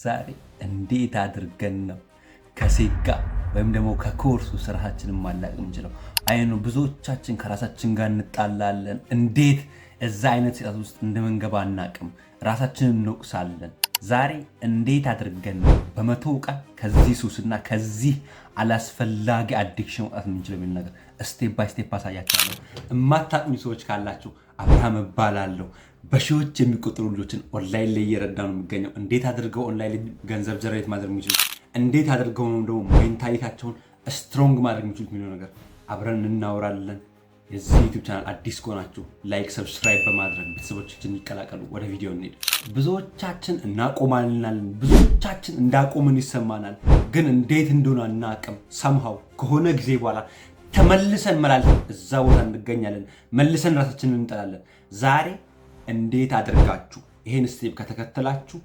ዛሬ እንዴት አድርገን ነው ከሴት ጋር ወይም ደግሞ ከኮርሱ ስራችንን ማላቅ የምንችለው? አይኑ ብዙዎቻችን ከራሳችን ጋር እንጣላለን። እንዴት እዛ አይነት ሴጣት ውስጥ እንደምንገባ አናቅም፣ ራሳችንን እንወቅሳለን። ዛሬ እንዴት አድርገን ነው በመቶ ቀን ከዚህ ሱስና ከዚህ አላስፈላጊ አዲክሽን መውጣት የምንችለው የሚል ነገር ስቴፕ ባይ ስቴፕ አሳያችኋለሁ። እማታቅሚ ሰዎች ካላችሁ አብርሃም እባላለሁ በሺዎች የሚቆጠሩ ልጆችን ኦንላይን ላይ እየረዳ ነው የሚገኘው። እንዴት አድርገው ኦንላይን ገንዘብ ጀነሬት ማድረግ የሚችሉት እንዴት አድርገው ነው ደግሞ ሜንታሊታቸውን ስትሮንግ ማድረግ የሚችሉት የሚለው ነገር አብረን እናወራለን። የዚህ ዩቲብ ቻናል አዲስ ከሆናችሁ ላይክ፣ ሰብስክራይብ በማድረግ ቤተሰቦቻችን ይቀላቀሉ። ወደ ቪዲዮ እንሄድ። ብዙዎቻችን እናቆማልናል፣ ብዙዎቻችን እንዳቆምን ይሰማናል። ግን እንዴት እንደሆነ እናቅም። ሰምሃው ከሆነ ጊዜ በኋላ ተመልሰን መላልሰን እዛ ቦታ እንገኛለን። መልሰን ራሳችንን እንጠላለን። ዛሬ እንዴት አድርጋችሁ ይሄን ስቴፕ ከተከተላችሁ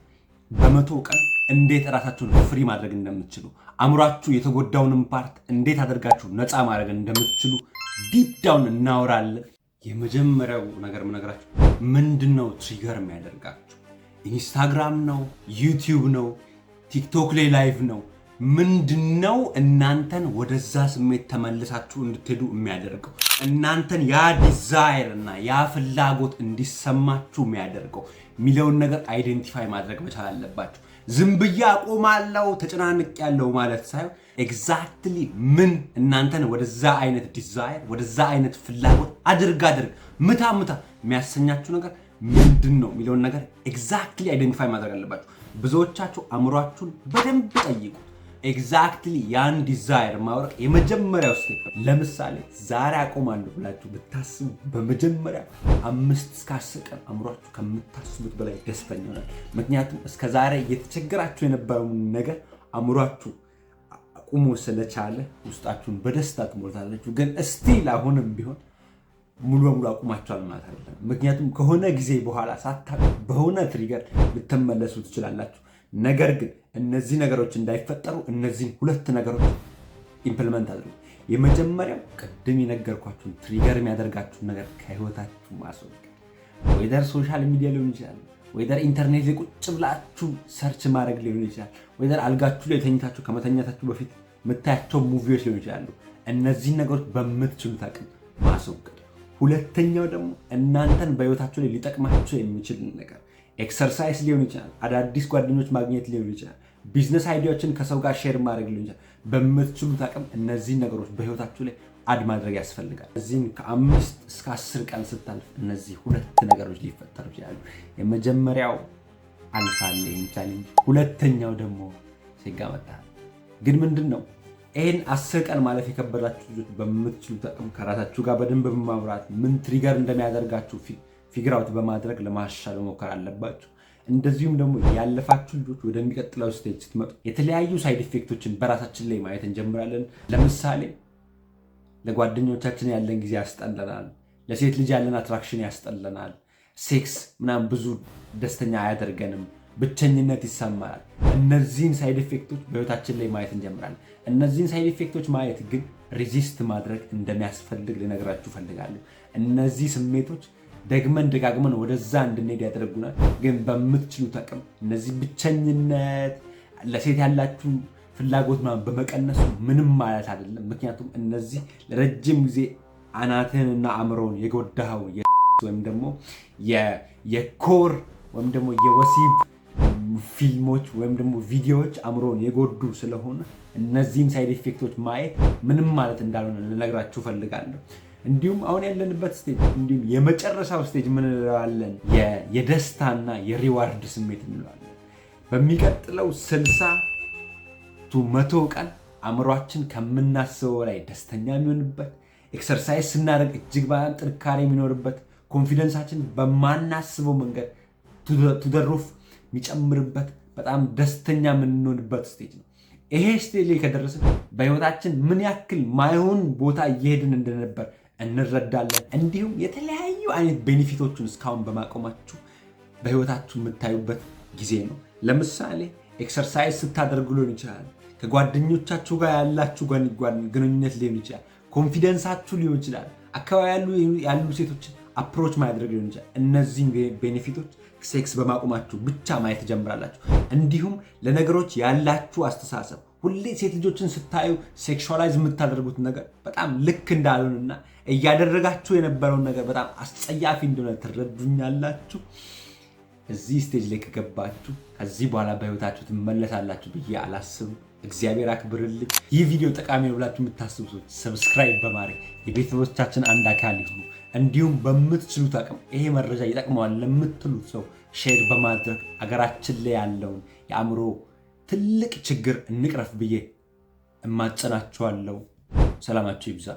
በመቶ ቀን እንዴት ራሳችሁን ፍሪ ማድረግ እንደምትችሉ አእምሯችሁ የተጎዳውንም ፓርት እንዴት አድርጋችሁ ነፃ ማድረግ እንደምትችሉ ዲፕ ዳውን እናወራለን። የመጀመሪያው ነገር ምነግራችሁ ምንድን ነው ትሪገር የሚያደርጋችሁ ኢንስታግራም ነው፣ ዩቲዩብ ነው፣ ቲክቶክ ላይ ላይቭ ነው ምንድነው እናንተን ወደዛ ስሜት ተመልሳችሁ እንድትሄዱ የሚያደርገው እናንተን ያ ዲዛይር እና ያ ፍላጎት እንዲሰማችሁ የሚያደርገው የሚለውን ነገር አይዴንቲፋይ ማድረግ መቻል አለባችሁ። ዝም ብዬ አቆማለሁ ተጨናንቅ ያለው ማለት ሳይሆን ኤግዛክትሊ ምን እናንተን ወደዛ አይነት ዲዛይር ወደዛ አይነት ፍላጎት አድርግ አድርግ ምታ ምታ የሚያሰኛችሁ ነገር ምንድን ነው የሚለውን ነገር ኤግዛክትሊ አይደንቲፋይ ማድረግ አለባችሁ። ብዙዎቻችሁ አእምሯችሁን በደንብ ጠይቁ። ኤግዛክትሊ ያን ዲዛይር ማውረቅ የመጀመሪያው ስቴፕ። ለምሳሌ ዛሬ አቆማለሁ ብላችሁ ብታስቡ በመጀመሪያ አምስት እስከ አስር ቀን አእምሯችሁ ከምታስቡት በላይ ደስተኛ ሆናል። ምክንያቱም ዛሬ እየተቸገራችሁ የነበረውን ነገር አእምሯችሁ አቁሞ ስለቻለ ውስጣችሁን በደስታ ትሞልታላችሁ። ግን እስቲል አሁንም ቢሆን ሙሉ በሙሉ አቁማችኋል ማለት አይደለም። ምክንያቱም ከሆነ ጊዜ በኋላ ሳታ በሆነ ትሪገር ልትመለሱ ትችላላችሁ። ነገር ግን እነዚህ ነገሮች እንዳይፈጠሩ እነዚህን ሁለት ነገሮች ኢምፕልመንት አድርጉ። የመጀመሪያው ቅድም የነገርኳችሁን ትሪገር የሚያደርጋችሁን ነገር ከህይወታችሁ ማስወገድ፣ ወይደር ሶሻል ሚዲያ ሊሆን ይችላል፣ ወይደር ኢንተርኔት ቁጭ ብላችሁ ሰርች ማድረግ ሊሆን ይችላል፣ ወይደር አልጋችሁ ላይ ተኝታችሁ ከመተኛታችሁ በፊት የምታያቸው ሙቪዎች ሊሆን ይችላሉ። እነዚህን ነገሮች በምትችሉት አቅም ማስወገድ። ሁለተኛው ደግሞ እናንተን በህይወታችሁ ላይ ሊጠቅማችሁ የሚችል ነገር ኤክሰርሳይዝ ሊሆን ይችላል። አዳዲስ ጓደኞች ማግኘት ሊሆን ይችላል። ቢዝነስ አይዲያዎችን ከሰው ጋር ሼር ማድረግ ሊሆን ይችላል። በምትችሉት አቅም እነዚህን ነገሮች በህይወታችሁ ላይ አድ ማድረግ ያስፈልጋል። እዚህም ከአምስት እስከ አስር ቀን ስታልፍ እነዚህ ሁለት ነገሮች ሊፈጠሩ ይችላሉ። የመጀመሪያው አልፋለ ቻሌንጅ፣ ሁለተኛው ደግሞ ሴጋ መጣ። ግን ምንድን ነው ይህን አስር ቀን ማለፍ የከበዳችሁ ልጆች በምትችሉት አቅም ከራሳችሁ ጋር በደንብ በማውራት ምን ትሪገር እንደሚያደርጋችሁ ፊግራውት በማድረግ ለማሻሻል መሞከር አለባችሁ። እንደዚሁም ደግሞ ያለፋችሁ ልጆች ወደሚቀጥለው ስቴጅ ስትመጡ የተለያዩ ሳይድ ኢፌክቶችን በራሳችን ላይ ማየት እንጀምራለን። ለምሳሌ ለጓደኞቻችን ያለን ጊዜ ያስጠለናል፣ ለሴት ልጅ ያለን አትራክሽን ያስጠለናል፣ ሴክስ ምናምን ብዙ ደስተኛ አያደርገንም፣ ብቸኝነት ይሰማናል። እነዚህን ሳይድ ኢፌክቶች በህይወታችን ላይ ማየት እንጀምራለን። እነዚህን ሳይድ ኢፌክቶች ማየት ግን ሪዚስት ማድረግ እንደሚያስፈልግ ልነግራችሁ ፈልጋለሁ። እነዚህ ስሜቶች ደግመን ደጋግመን ወደዛ እንድንሄድ ያደረጉናል። ግን በምትችሉት አቅም እነዚህ ብቸኝነት፣ ለሴት ያላችሁ ፍላጎት ምናምን በመቀነሱ ምንም ማለት አይደለም። ምክንያቱም እነዚህ ለረጅም ጊዜ እና አእምሮውን የጎዳኸው ወይም ደግሞ የኮር ወይም ደግሞ የወሲብ ፊልሞች ወይም ደግሞ ቪዲዮዎች አእምሮውን የጎዱ ስለሆነ እነዚህን ሳይድ ኢፌክቶች ማየት ምንም ማለት እንዳልሆነ ልነግራችሁ ፈልጋለሁ። እንዲሁም አሁን ያለንበት ስቴጅ እንዲሁም የመጨረሻው ስቴጅ ምን እንለዋለን? የደስታና የሪዋርድ ስሜት እንለዋለን። በሚቀጥለው ስልሳ ቱ መቶ ቀን አእምሯችን ከምናስበው ላይ ደስተኛ የሚሆንበት ኤክሰርሳይዝ ስናደርግ እጅግ በጣም ጥንካሬ የሚኖርበት ኮንፊደንሳችን በማናስበው መንገድ ቱደሩፍ የሚጨምርበት በጣም ደስተኛ የምንሆንበት ስቴጅ ነው። ይሄ ስቴጅ ላይ ከደረስን በህይወታችን ምን ያክል ማይሆን ቦታ እየሄድን እንደነበር እንረዳለን። እንዲሁም የተለያዩ አይነት ቤኔፊቶችን እስካሁን በማቆማችሁ በህይወታችሁ የምታዩበት ጊዜ ነው። ለምሳሌ ኤክሰርሳይዝ ስታደርጉ ሊሆን ይችላል። ከጓደኞቻችሁ ጋር ያላችሁ ግንኙነት ሊሆን ይችላል። ኮንፊደንሳችሁ ሊሆን ይችላል። አካባቢ ያሉ ሴቶች አፕሮች ማድረግ ሊሆን ይችላል። እነዚህን ቤኔፊቶች ሴክስ በማቆማችሁ ብቻ ማየት ትጀምራላችሁ። እንዲሁም ለነገሮች ያላችሁ አስተሳሰብ ሁሌ ሴት ልጆችን ስታዩ ሴክሹዋላይዝ የምታደርጉት ነገር በጣም ልክ እንዳልሆንና እያደረጋችሁ የነበረውን ነገር በጣም አስጸያፊ እንደሆነ ትረዱኛላችሁ። እዚህ ስቴጅ ላይ ከገባችሁ ከዚህ በኋላ በህይወታችሁ ትመለሳላችሁ ብዬ አላስብም። እግዚአብሔር አክብርልኝ። ይህ ቪዲዮ ጠቃሚ ነው ብላችሁ የምታስቡ ሰዎች ሰብስክራይብ በማድረግ የቤተሰቦቻችን አንድ አካል ይሁኑ። እንዲሁም በምትችሉት አቅም ይሄ መረጃ ይጠቅመዋል ለምትሉት ሰው ሼር በማድረግ አገራችን ላይ ያለውን የአእምሮ ትልቅ ችግር እንቅረፍ ብዬ እማጸናችኋለሁ። ሰላማችሁ ይብዛ።